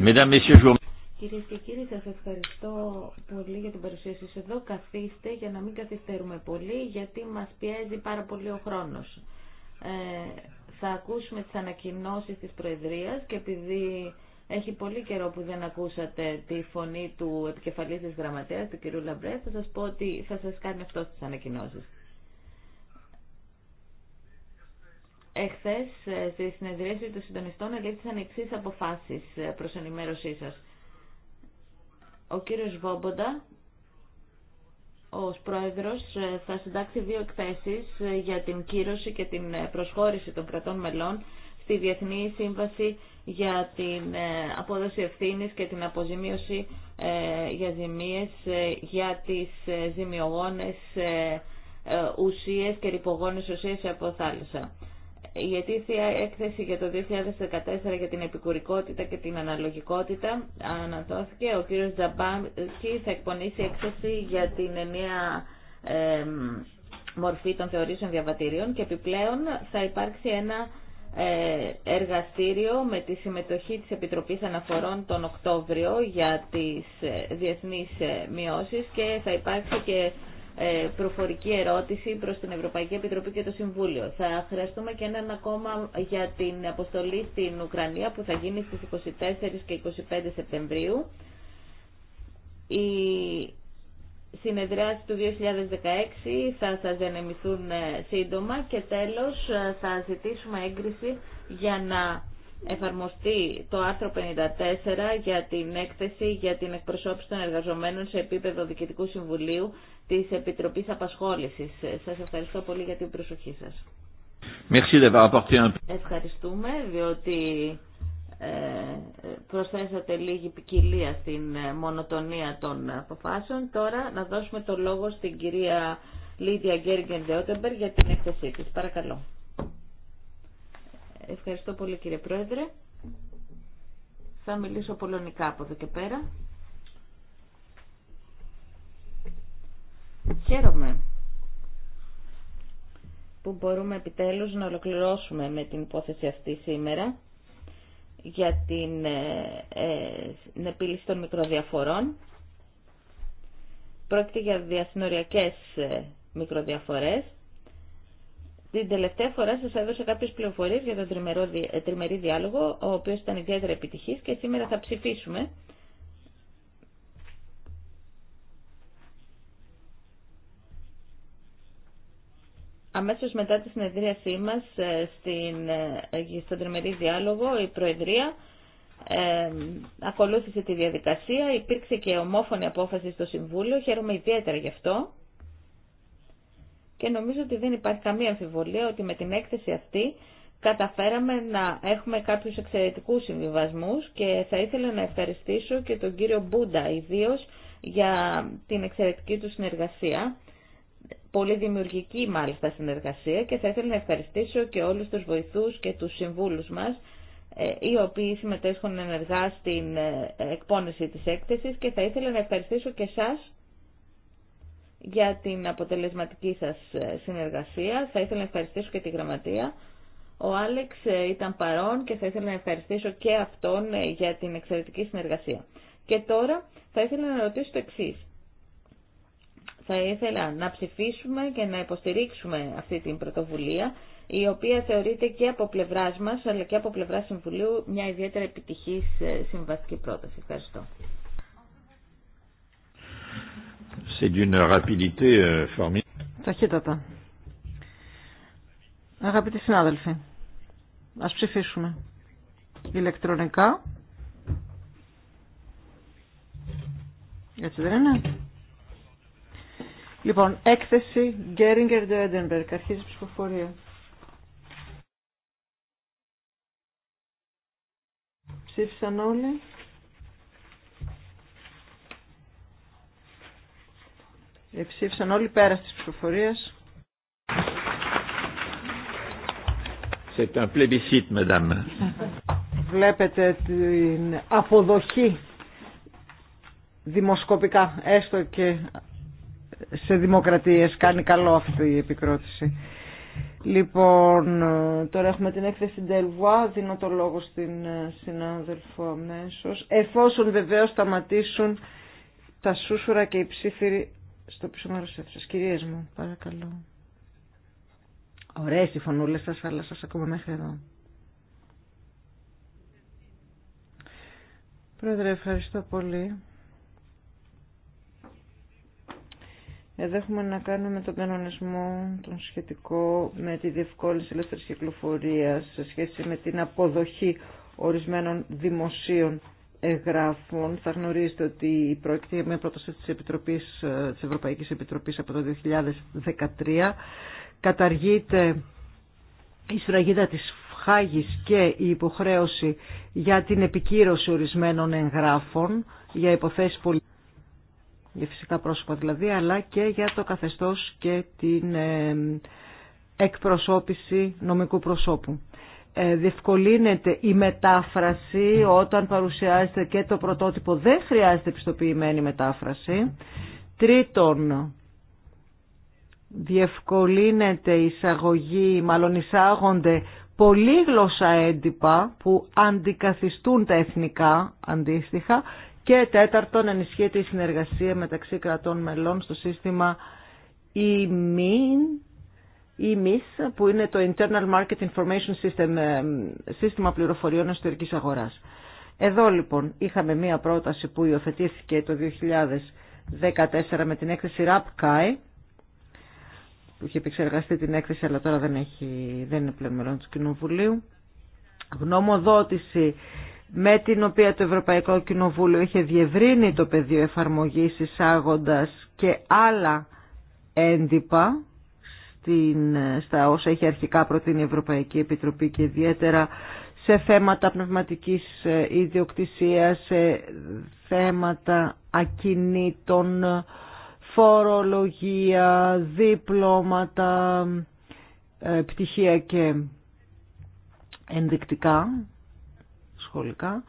Κυρίε και κύριοι, σα ευχαριστώ πολύ για την παρουσία σα εδώ. Καθίστε για να μην καθυστερούμε πολύ, γιατί μα πιέζει πάρα πολύ ο χρόνο. Ε, θα ακούσουμε τι ανακοινώσει τη Προεδρία και επειδή έχει πολύ καιρό που δεν ακούσατε τη φωνή του επικεφαλή της γραμματέας, του κ. Λαμπρέ, θα σα πω ότι θα σα κάνει αυτό τι ανακοινώσει. Έχθε στη συνεδρίαση των συντονιστών ελήφθησαν εξή αποφάσεις ε, προ ενημέρωσή σα. Ο κύριο Βόμποντα, ω πρόεδρο, ε, θα συντάξει δύο εκθέσει ε, για την κύρωση και την προσχώρηση των κρατών μελών στη Διεθνή Σύμβαση για την απόδοση ευθύνη και την αποζημίωση για ζημίες για τις ζημιογόνες ουσίε και ρηπογόνε ουσίε από θάλασσα. Η ετήσια έκθεση για το 2014 για την επικουρικότητα και την αναλογικότητα ανατώθηκε. Ο κύριος Τζαμπάνκι θα εκπονήσει έκθεση για την ενιαία μορφή των θεωρήσεων διαβατηρίων και επιπλέον θα υπάρξει ένα ε, εργαστήριο με τη συμμετοχή της Επιτροπής Αναφορών τον Οκτώβριο για τις ε, διεθνείς ε, μειώσεις και θα υπάρξει και ε, προφορική ερώτηση προς την Ευρωπαϊκή Επιτροπή και το Συμβούλιο. Θα χρειαστούμε και έναν ακόμα για την αποστολή στην Ουκρανία που θα γίνει στις 24 και 25 Σεπτεμβρίου. Οι συνεδριάση του 2016 θα σας διανεμηθούν ε, σύντομα και τέλος ε, θα ζητήσουμε έγκριση για να εφαρμοστεί το άρθρο 54 για την έκθεση για την εκπροσώπηση των εργαζομένων σε επίπεδο Διοικητικού Συμβουλίου της Επιτροπής Απασχόλησης. Σας ευχαριστώ πολύ για την προσοχή σας. Ευχαριστούμε διότι ε, προσθέσατε λίγη ποικιλία στην ε, μονοτονία των αποφάσεων. Τώρα να δώσουμε το λόγο στην κυρία Λίδια Γκέργεν Δεότεμπερ για την έκθεσή της. Παρακαλώ. Ευχαριστώ πολύ κύριε Πρόεδρε. Θα μιλήσω πολωνικά από εδώ και πέρα. Χαίρομαι που μπορούμε επιτέλους να ολοκληρώσουμε με την υπόθεση αυτή σήμερα για την, ε, ε, επίλυση των μικροδιαφορών. Πρόκειται για διασυνοριακές ε, μικροδιαφορές την τελευταία φορά σας έδωσα κάποιες πληροφορίες για τον ε, τριμερή διάλογο, ο οποίος ήταν ιδιαίτερα επιτυχής και σήμερα θα ψηφίσουμε. Αμέσως μετά τη συνεδρίασή μας ε, ε, στον τριμερή διάλογο η Προεδρία ακολούθησε τη διαδικασία, υπήρξε και ομόφωνη απόφαση στο Συμβούλιο, χαίρομαι ιδιαίτερα γι' αυτό και νομίζω ότι δεν υπάρχει καμία αμφιβολία ότι με την έκθεση αυτή καταφέραμε να έχουμε κάποιους εξαιρετικούς συμβιβασμούς και θα ήθελα να ευχαριστήσω και τον κύριο Μπούντα ιδίω για την εξαιρετική του συνεργασία, πολύ δημιουργική μάλιστα συνεργασία και θα ήθελα να ευχαριστήσω και όλους τους βοηθούς και τους συμβούλους μας ε, οι οποίοι συμμετέσχουν ενεργά στην ε, εκπόνηση της έκθεσης και θα ήθελα να ευχαριστήσω και εσάς για την αποτελεσματική σας ε, συνεργασία. Θα ήθελα να ευχαριστήσω και τη γραμματεία. Ο Άλεξ ε, ήταν παρόν και θα ήθελα να ευχαριστήσω και αυτόν ε, για την εξαιρετική συνεργασία. Και τώρα θα ήθελα να ρωτήσω το εξή. Θα ήθελα να ψηφίσουμε και να υποστηρίξουμε αυτή την πρωτοβουλία, η οποία θεωρείται και από πλευρά μα αλλά και από πλευρά Συμβουλίου μια ιδιαίτερα επιτυχής συμβαστική πρόταση. Ευχαριστώ. C'est d'une rapidité euh, formidable. Ταχύτατα. Αγαπητοί συνάδελφοι, ας ψηφίσουμε ηλεκτρονικά. Έτσι δεν είναι. Λοιπόν, έκθεση Γκέριγκερ de Edinburgh. Αρχίζει η ψηφοφορία. Ψήφισαν όλοι. Εψήφισαν όλοι πέρα στις ψηφοφορίες. Βλέπετε την αποδοχή δημοσκοπικά, έστω και σε δημοκρατίες. Κάνει καλό αυτή η επικρότηση. Λοιπόν, τώρα έχουμε την έκθεση Ντελβουά, δίνω το λόγο στην συνάδελφο αμέσω. Εφόσον βεβαίως σταματήσουν τα σούσουρα και οι ψήφοι στο πίσω τη αίθουσα. Κυρίες μου, παρακαλώ. Ωραίες οι φωνούλες σας, αλλά σα ακούμε μέχρι εδώ. Πρόεδρε, ευχαριστώ πολύ. Εδώ έχουμε να κάνουμε τον κανονισμό τον σχετικό με τη διευκόλυνση ελεύθερης κυκλοφορίας σε σχέση με την αποδοχή ορισμένων δημοσίων εγγράφων. Θα γνωρίζετε ότι πρόκειται για μια πρόταση της, Επιτροπής, της Ευρωπαϊκής Επιτροπής από το 2013. Καταργείται η σφραγίδα της Χάγης και η υποχρέωση για την επικύρωση ορισμένων εγγράφων για υποθέσεις πολιτικών για φυσικά πρόσωπα δηλαδή, αλλά και για το καθεστώς και την ε, εκπροσώπηση νομικού προσώπου. Ε, διευκολύνεται η μετάφραση όταν παρουσιάζεται και το πρωτότυπο δεν χρειάζεται επιστοποιημένη μετάφραση. Τρίτον, διευκολύνεται η εισαγωγή, μάλλον εισάγονται πολύγλωσσα έντυπα που αντικαθιστούν τα εθνικά αντίστοιχα και τέταρτον ενισχύεται η συνεργασία μεταξύ κρατών μελών στο σύστημα ημίν που είναι το Internal Market Information System, ε, σύστημα πληροφοριών εσωτερικής αγοράς. Εδώ λοιπόν είχαμε μία πρόταση που υιοθετήθηκε το 2014 με την έκθεση RAPCAI, που είχε επεξεργαστεί την έκθεση αλλά τώρα δεν, έχει, δεν είναι πλέον μελών του Κοινοβουλίου. Γνωμοδότηση με την οποία το Ευρωπαϊκό Κοινοβούλιο είχε διευρύνει το πεδίο εφαρμογής εισάγοντας και άλλα έντυπα στην, στα όσα έχει αρχικά προτείνει η Ευρωπαϊκή Επιτροπή και ιδιαίτερα σε θέματα πνευματικής ε, ιδιοκτησίας, σε θέματα ακινήτων, φορολογία, δίπλωματα, ε, πτυχία και ενδεικτικά, σχολικά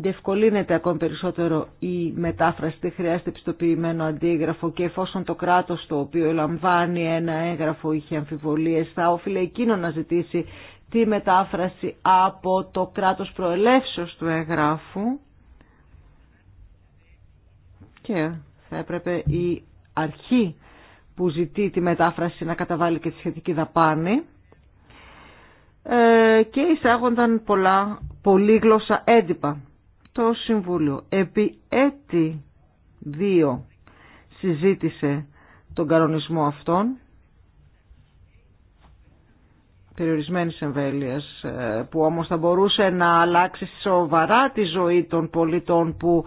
διευκολύνεται ακόμη περισσότερο η μετάφραση, δεν χρειάζεται πιστοποιημένο αντίγραφο και εφόσον το κράτος το οποίο λαμβάνει ένα έγγραφο είχε αμφιβολίες θα όφιλε εκείνο να ζητήσει τη μετάφραση από το κράτος προελεύσεως του εγγράφου και θα έπρεπε η αρχή που ζητεί τη μετάφραση να καταβάλει και τη σχετική δαπάνη ε, και εισάγονταν πολλά πολύγλωσσα έντυπα. Το Συμβούλιο επί έτη δύο συζήτησε τον κανονισμό αυτών, περιορισμένης εμβέλειας ε, που όμως θα μπορούσε να αλλάξει σοβαρά τη ζωή των πολιτών που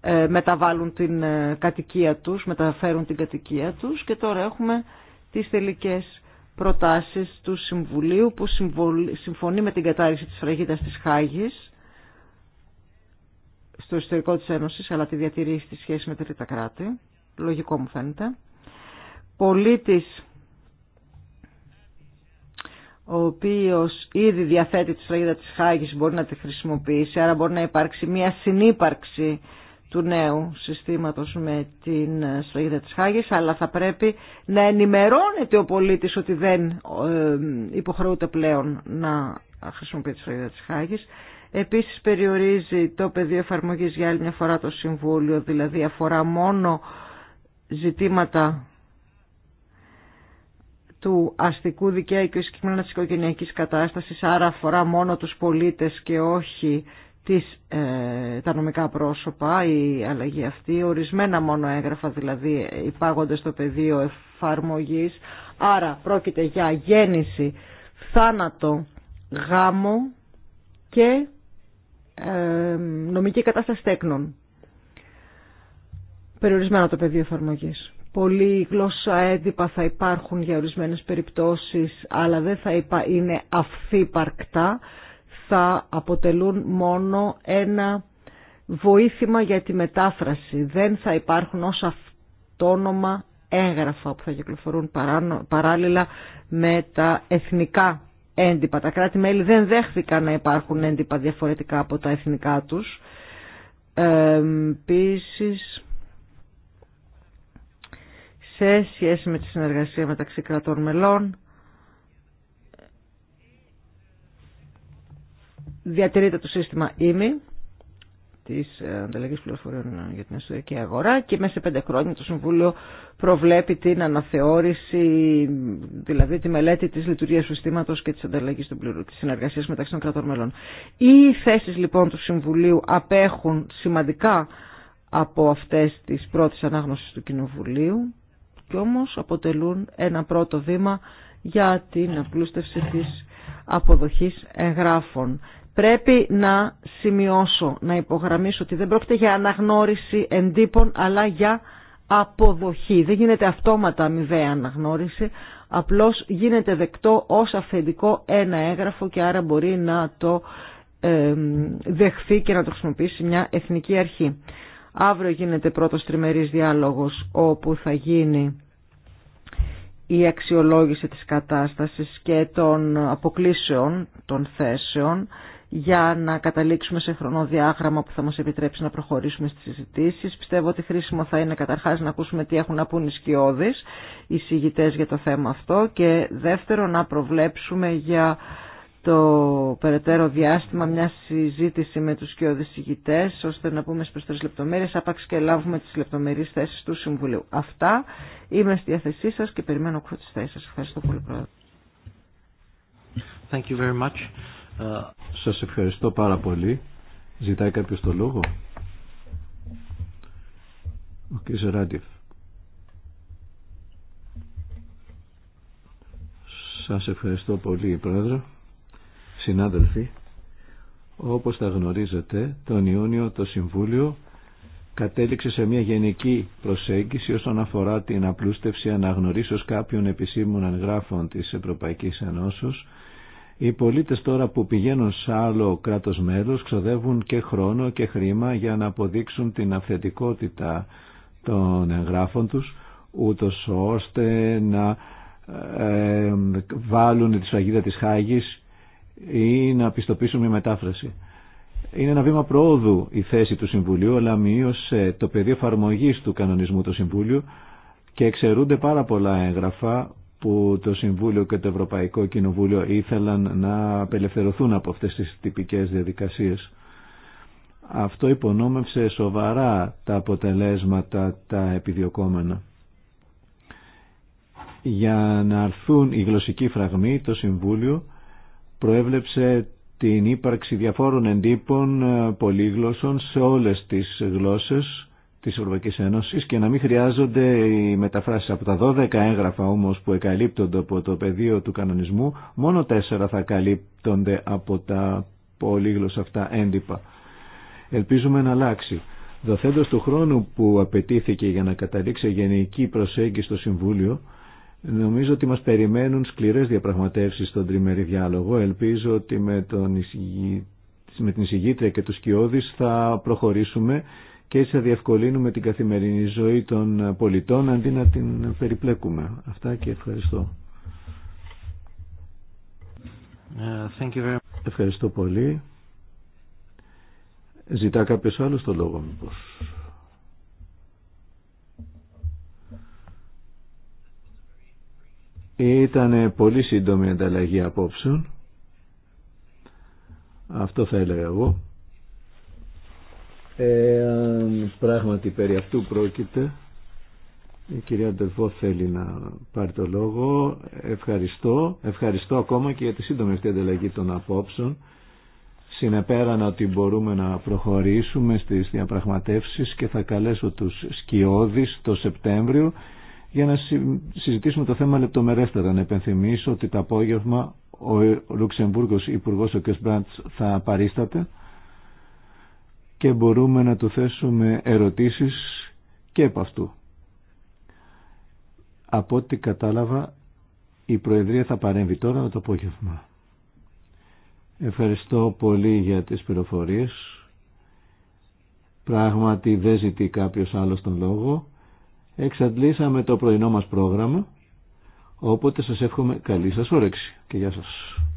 ε, μεταβάλλουν την κατοικία τους, μεταφέρουν την κατοικία τους και τώρα έχουμε τις τελικές προτάσεις του Συμβουλίου που συμφωνεί με την κατάρριξη της φραγίδας της Χάγης στο ιστορικό της Ένωσης, αλλά τη διατηρεί στη σχέση με τρίτα κράτη. Λογικό μου φαίνεται. Πολίτης ο οποίος ήδη διαθέτει τη φραγίδα της Χάγης μπορεί να τη χρησιμοποιήσει, άρα μπορεί να υπάρξει μια συνύπαρξη του νέου συστήματος με την σφραγίδα της Χάγης, αλλά θα πρέπει να ενημερώνεται ο πολίτης ότι δεν ε, υποχρεούται πλέον να χρησιμοποιεί τη σφραγίδα της Χάγης. Επίσης περιορίζει το πεδίο εφαρμογής για άλλη μια φορά το Συμβούλιο, δηλαδή αφορά μόνο ζητήματα του αστικού δικαίου και συγκεκριμένα της οικογενειακής κατάστασης, άρα αφορά μόνο τους πολίτες και όχι τις, ε, τα νομικά πρόσωπα, η αλλαγή αυτή, ορισμένα μόνο έγγραφα δηλαδή υπάγονται στο πεδίο εφαρμογής, άρα πρόκειται για γέννηση, θάνατο, γάμο και ε, νομική κατάσταση τέκνων. περιορισμένα το πεδίο εφαρμογής. Πολύ γλώσσα έντυπα θα υπάρχουν για ορισμένες περιπτώσεις, αλλά δεν θα είναι αυθύπαρκτα θα αποτελούν μόνο ένα βοήθημα για τη μετάφραση. Δεν θα υπάρχουν ως αυτόνομα έγγραφα που θα κυκλοφορούν παράλληλα με τα εθνικά έντυπα. Τα κράτη-μέλη δεν δέχθηκαν να υπάρχουν έντυπα διαφορετικά από τα εθνικά τους. Ε, σε σχέση με τη συνεργασία μεταξύ κρατών μελών, διατηρείται το σύστημα ΙΜΗ τη ε, ανταλλαγή πληροφοριών ε, για την εσωτερική αγορά και μέσα σε πέντε χρόνια το Συμβούλιο προβλέπει την αναθεώρηση, δηλαδή τη μελέτη τη λειτουργία του συστήματο και τη ανταλλαγή τη συνεργασία μεταξύ των κρατών μελών. Οι θέσει λοιπόν του Συμβουλίου απέχουν σημαντικά από αυτέ τι πρώτε ανάγνωση του Κοινοβουλίου και όμω αποτελούν ένα πρώτο βήμα για την απλούστευση της αποδοχής εγγράφων. Πρέπει να σημειώσω, να υπογραμμίσω ότι δεν πρόκειται για αναγνώριση εντύπων, αλλά για αποδοχή. Δεν γίνεται αυτόματα αμοιβαία αναγνώριση, απλώς γίνεται δεκτό ως αυθεντικό ένα έγγραφο και άρα μπορεί να το δεχθεί και να το χρησιμοποιήσει μια εθνική αρχή. Αύριο γίνεται πρώτος τριμερής διάλογος όπου θα γίνει η αξιολόγηση της κατάστασης και των αποκλήσεων των θέσεων για να καταλήξουμε σε χρονοδιάγραμμα που θα μας επιτρέψει να προχωρήσουμε στις συζητήσεις. Πιστεύω ότι χρήσιμο θα είναι καταρχάς να ακούσουμε τι έχουν να πούν οι σκιώδεις, οι συγητές για το θέμα αυτό και δεύτερο να προβλέψουμε για το περαιτέρω διάστημα μια συζήτηση με τους σκιώδεις συγητές ώστε να πούμε στις τρεις λεπτομέρειες άπαξ και λάβουμε τις λεπτομερείς θέσεις του Συμβουλίου. Αυτά είμαι στη διάθεσή σας και περιμένω ακούω τις θέσεις σας. Ευχαριστώ πολύ πρόεδρε. Σας ευχαριστώ πάρα πολύ. Ζητάει κάποιος το λόγο. Ο κ. Ράντιεφ. Σας ευχαριστώ πολύ, Πρόεδρο. Συνάδελφοι, όπως τα γνωρίζετε, τον Ιούνιο το Συμβούλιο κατέληξε σε μια γενική προσέγγιση όσον αφορά την απλούστευση αναγνωρίσεως κάποιων επισήμων εγγράφων της Ευρωπαϊκής Ενώσεως οι πολίτες τώρα που πηγαίνουν σε άλλο κράτος μέλος ξοδεύουν και χρόνο και χρήμα για να αποδείξουν την αυθεντικότητα των εγγράφων τους ούτως ώστε να ε, βάλουν τη σφαγίδα της Χάγης ή να πιστοποιήσουν μια μετάφραση. Είναι ένα βήμα προόδου η θέση του Συμβουλίου, αλλά μείωσε το πεδίο εφαρμογή του κανονισμού του Συμβούλιο και εξαιρούνται πάρα πολλά έγγραφα που το Συμβούλιο και το Ευρωπαϊκό Κοινοβούλιο ήθελαν να απελευθερωθούν από αυτές τις τυπικές διαδικασίες. Αυτό υπονόμευσε σοβαρά τα αποτελέσματα τα επιδιωκόμενα. Για να αρθούν οι γλωσσικοί φραγμοί, το Συμβούλιο προέβλεψε την ύπαρξη διαφόρων εντύπων ε, πολύγλωσσων σε όλες τις γλώσσες της Ευρωπαϊκής Ένωσης και να μην χρειάζονται οι μεταφράσεις από τα 12 έγγραφα όμως που εκαλύπτονται από το πεδίο του κανονισμού μόνο τέσσερα θα καλύπτονται από τα πολύγλωσσα αυτά έντυπα. Ελπίζουμε να αλλάξει. Δοθέντος του χρόνου που απαιτήθηκε για να καταλήξει γενική προσέγγιση στο Συμβούλιο Νομίζω ότι μας περιμένουν σκληρές διαπραγματεύσεις στον τριμερή διάλογο. Ελπίζω ότι με, τον εισηγή... με την εισηγήτρια και τους κοιόδης θα προχωρήσουμε και έτσι θα διευκολύνουμε την καθημερινή ζωή των πολιτών αντί να την περιπλέκουμε. Αυτά και ευχαριστώ. Ε, ευχαριστώ πολύ. Ζητά κάποιος άλλος το λόγο μήπως. Ήταν πολύ σύντομη ανταλλαγή απόψεων. Αυτό θα έλεγα εγώ. Εάν πράγματι περί αυτού πρόκειται, η κυρία Ντελφό θέλει να πάρει το λόγο. Ευχαριστώ. Ευχαριστώ ακόμα και για τη σύντομη αυτή ανταλλαγή των απόψεων. Συνεπέρανα ότι μπορούμε να προχωρήσουμε στις διαπραγματεύσεις και θα καλέσω τους σκιώδεις το Σεπτέμβριο για να συζητήσουμε το θέμα λεπτομερέστερα. Να επενθυμίσω ότι το απόγευμα ο Λουξεμβούργος Υπουργός ο Κεσμπραντς θα παρίσταται και μπορούμε να του θέσουμε ερωτήσεις και επ' αυτού. Από ό,τι κατάλαβα, η Προεδρία θα παρέμβει τώρα το απόγευμα. Ευχαριστώ πολύ για τις πληροφορίες. Πράγματι δεν ζητεί κάποιος άλλος τον λόγο. Εξαντλήσαμε το πρωινό μας πρόγραμμα, οπότε σας εύχομαι καλή σας όρεξη και γεια σας.